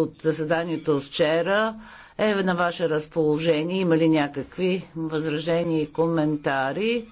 от заседанието вчера е на ваше разположение. Има ли някакви възражения и коментари?